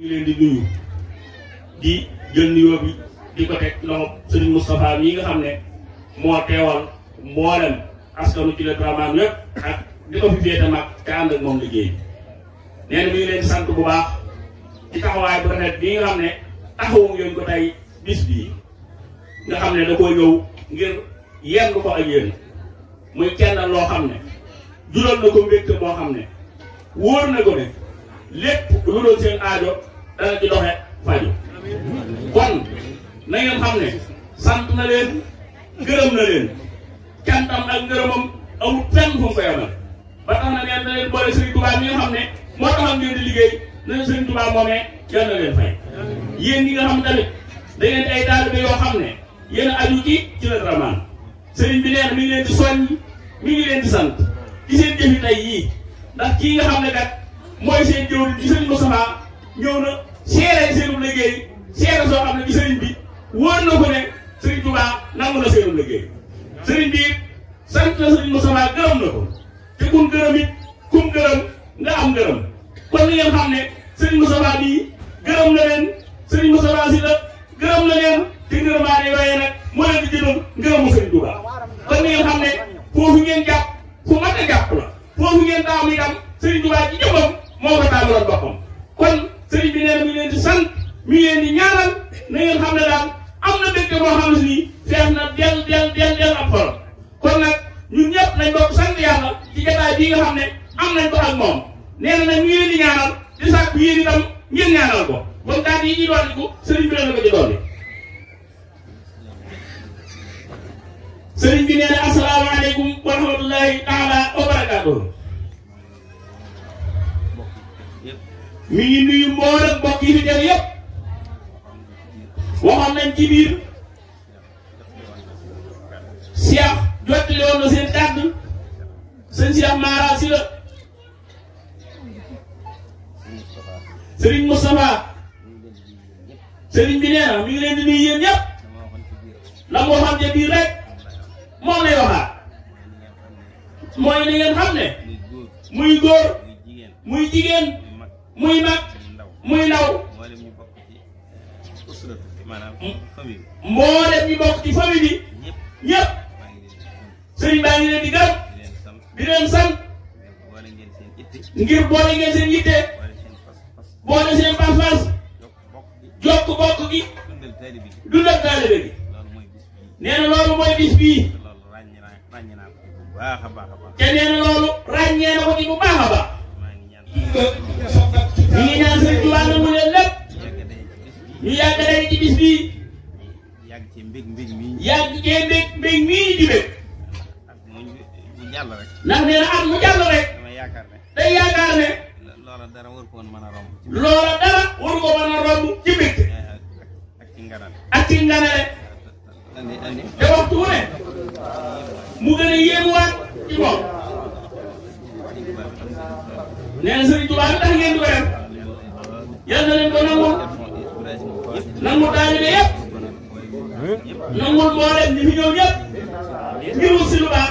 ñu leen di nuyu di jël nuyoo bi di ko teg loxo Serigne Moustapha mii nga xam ne moo teewal mboolem askanu ci le Dramane yëpp ak di ko fi féete mag te ànd ak moom liggéey nee bi nga xam ne taxawu ngeen ko tey ngir yenn ko ak yéen muy kenn loo xam ne jural na ko mbégte boo xam ne wóor na ko ne lépp lu doon seen aajo. dana ci doxe faju kon na xam ne sant na leen gërëm na leen cantam ak ngërëmam amul fenn fu mu ko yemal ba tax na ngeen na leen boole Serigne Touba nga xam ne moo taxam nga xam tamit da ngeen ay taalibe yoo xam ne yéen aju ci ci la ramaan Serigne bi neex mi ngi leen di soññ mi leen di sant ci seen jëfi tey yii ndax kii nga xam ne kat mooy seen jëwriñ ci Serigne Moustapha ñëw na seereen seenum liggéey seere soo xam ne bi sëriñ bi wóor na ko ne sëriñ Touba nangu na seenum liggéey sëriñ bi sant na sëriñ Moustapha gërëm na ko te gërëm it kum gërëm nga am gërëm kon li ngeen xam ne sëriñ Moustapha bii gërëm na leen sëriñ Moustapha si la gërëm na leen te ngërëmaane yooyee nag moo leen di jëloon ngërëmu sëriñ Touba kon li ngeen xam ne foofu ngeen jàpp fu mat a jàpp la foofu ngeen taamu itam sëriñ Touba ci jëmmam moo ko taamaloon boppam yi nga xam ne am nañ ko ak moom nee na nag ñu leen di ñaanal di sàkk yéen itam ngeen ñaanal ko moom daal yi ñuy dolli ko sëriñ bi la ko ci dolli. sëriñ bi nee na asalaamaaleykum wa rahmatullahi taala wa barakaatu. mi ngi nuyu mboolem mbokk yi fi teew yëpp waxoon nañ ci biir. sëñ si am maaraa si la sëriñ Moustapha bi nee na mi ngi leen di la mu waxoon ca biir rek moom lay waxaat mooy ni ngeen ne muy góor muy jigéen muy mag muy ndaw mboolem ñu bokk ci famille bi ngir boole ngeen seen yitte boole seen pas-pas jokk bokk gi dundal taalibe gi nee na loolu mooy bis bii te nee na loolu ràññee na ko ci bu baax a baax ñu ngi ñaan sëñ Tuubaa na mu leen lépp ñu yàgg daje ci bis bii yàgg cee mbég mbég mii yàgg mbég ndax nee na at mu jàll rek yaakaar ne day dara war ko woon mën a romb a romb ci eh, eh, ak ci nganale ak ci nganale te waxtu wu ne mu gën a yéemuwaat ci moom nee na sëriñ Tuubaa ngeen di ko def ko nangu nangu taalibe yëpp nangul boole ñi fi ñëw ñëpp ngir wut si lu baax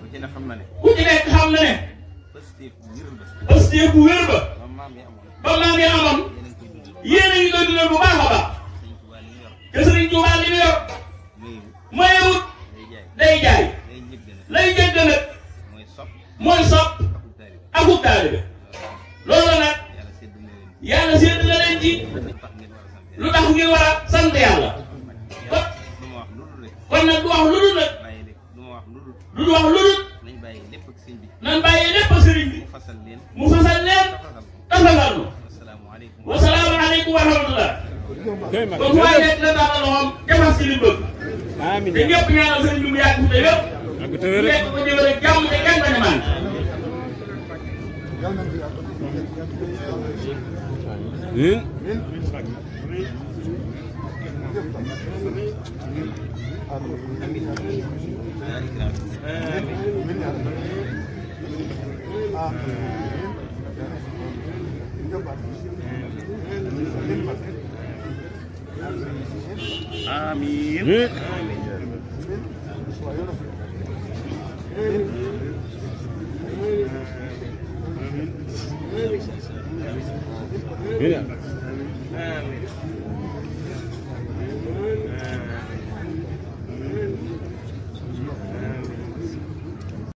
ku ci ne xam na ne. ku ci ne xam na ne. pastéef bu wér ba. ba maam yi amoon. yéen a ngi koy dundal bu baax a baax. te Sëriñ Tuubaa li mu yor. mayewut. day jaay. lay jëgg nag. mooy sopp. akub taalibe. loolu nag. yàlla sédd na leen ci. lu tax ngeen war a sant yàlla. kon nag du wax lu dul rek du wax lu dul du wax lu dul nañ bàyyi lépp ak sëriñ bi nañ bàyyi lépp ak sëriñ bi mu fasal leen mu fasal leen tasagal wasalaamaaleykum wasalaamaaleykum wa rahmatullah kon waaye nekk na daal loxoom defal si li bëgg amiin te ñëpp ñaanal sëriñ mu yàgg fi te yëpp nekk ko jëwër jàmm te kenn bañ a mànk Amin. Amin. Yeah.